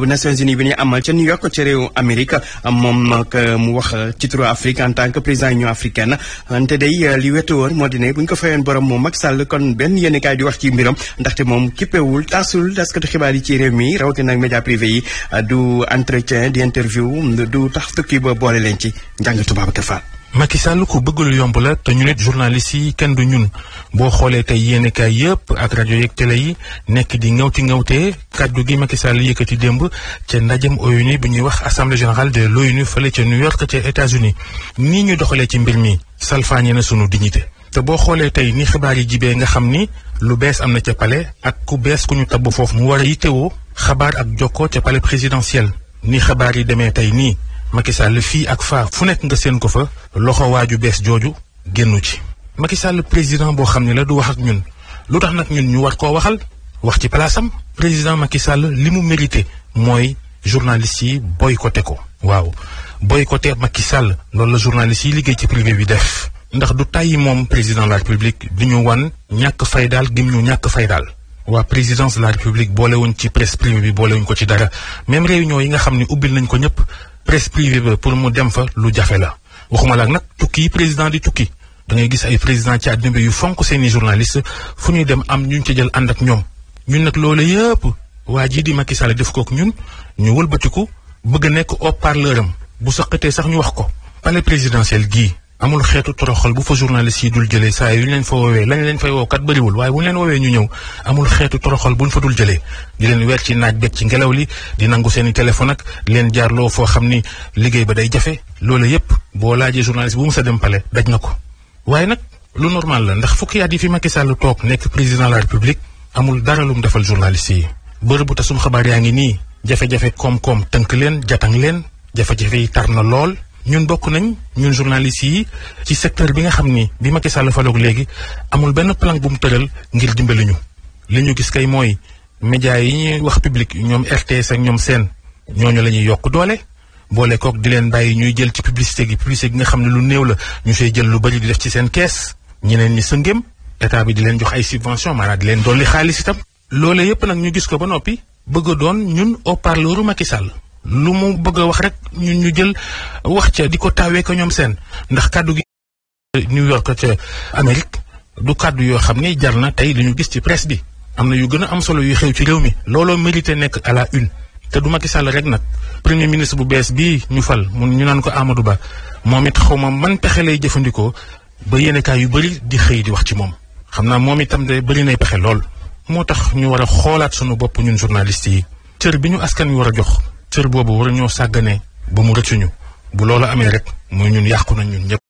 bu Nations Unies bi ñuy amal ca New York ca réew Amérique moom nag euh, mu wax euh, ci turu Afrique en tant que président Union africaine wante day euh, li wetu woon moo di ne bu ñu ko fayoon borom moom Macky Sall kon benn yéen kaay di wax ci mbiram ndaxte moom kippewul tasul taskatu xibaar yi ci réew mi rawatina ak média privé yi du entretien di interview du tax tukki ba boole leen ci njàngatu Babacar Fall Macky Sall ku bëgg yomb la te ñu nit journaliste yi kenn du ñun boo xoolee tey yéenekaay yëpp ak rajo yeeg télé yi nekk di ngaw ngawti ngawtee kaddu gi Macky Sall yëkkati démb ca ndajem ONU bi ñuy wax assemblée générale de l'ONU fële ca New York ca États-Unis nii ñu doxalee ci mbir mi salfaañe na sunu dignité te boo xoolee tey ni xibaar yi jibee nga xam ni lu bees am na ca pale ak ku bees ku ñu tabb foofu mu war a yittewoo xabaar ak jokkoo ca palais présidentiel xabaar yi demee tey nii Macky Sall fii ak faa fu nekk nga seen ko fa loxo waaju bees jooju génnu ci. Macky Sall président boo xam ne la du wax ak ñun lu tax nag ñun ñu war koo waxal wax ci palaasam président Macky Sall li mu mérité mooy journaliste yi boycotté ko. waaw boycotté Macky Sall loolu la journaliste yi liggéey ci privé bi def. ndax du tàyyi moom président de la république di ñu wan ñàkk fay daal gim ñu ñàkk fay daal. waa présidence de la république boolewuñ ci presse privée bi boolewuñ ko ci dara même réunion yi nga xam ne ubbil nañ ko ñëpp presse privée ba pour mu dem fa lu jafe la waxuma la nag tukki yi président di tukki dangay gis ay président ci àddina bi yu fonk seeni journaliste fu ñuy dem am ñu ci jël ànd ak ñoom ñun nag loolu yëpp waa jii di Macky Sall def kook ñun ñu wëlbatiku bëgg nekk haut-parleur am bu sëqatee sax ñu wax ko palais présidentiel gii amul xeetu toroxal bu fa journaliste yi dul jëlee saa yu ñu leen fa woowee lañ leen fay wookat bëriwul waaye bu ñu leen woowee ñu ñëw amul xeetu toroxal buñ fa dul jëlee di leen weer ci naaj bet ci ngelaw li di nangu seen i téléphone ak leen jaarloo foo xam ni liggéey ba day jafe loolu yépp boo laajee journaliste bu mu sa dem pale daj na ko waaye nag lu normal la ndax fukki at yi fi Macky Sall toog nekk président de la république amul dara lu mu defal journaliste yi bërëbu tasum xabaar yaa ngi nii jafe koom-koom tënk leen jatang leen jafe yi tar na lool ñun bokk nañ ñun journalistes yi ci secteur bi nga xam ni bi Macky Sall faloog léegi amul benn plan bu mu tëral ngir dimbali ñu. li ñu gis kay mooy média yi ñuy wax public ñoom RTS ak ñoom seen ñooñu la ñuy yokk doole. boole kook di leen bàyyi ñuy jël ci publicité gi publicité gi nga xam ne lu néew la ñu se jël lu bari di def ci seen kees. ñeneen ñi sëngéem état bi di leen jox ay subvention maanaam di leen dolli xaalis itam. loole yëpp nag ñu gis ko ba noppi bëgg doon ñun au parleuru Macky Sall lu mu bëgg a wax rek ñun ñu jël wax ca di ko taawee ko ñoom seen ndax kàddu gi New York ca Amérique du kàddu yoo xam ne jar na tey li ñu gis ci presse bi am na yu gën a am solo yu xew ci réew mi looloo mérité nekk à la une te du Macky Sall rek nag premier ministre bu bees bii ñu fal mu ñu naan ko Amadou Ba moom it xaw ma man pexe lay jëfandikoo ba yéenekaay yu bëri di xëy di wax ci moom xam naa moom itam day bëri nay pexe lool moo tax ñu war a xoolaat sunu bopp ñun journaliste yi cër bi ñu askan wi war a jox cër boobu ñoo sàgganee ba mu rëccuñu bu loolu amee rek mooy ñun yàqu nañ ñun ñëpp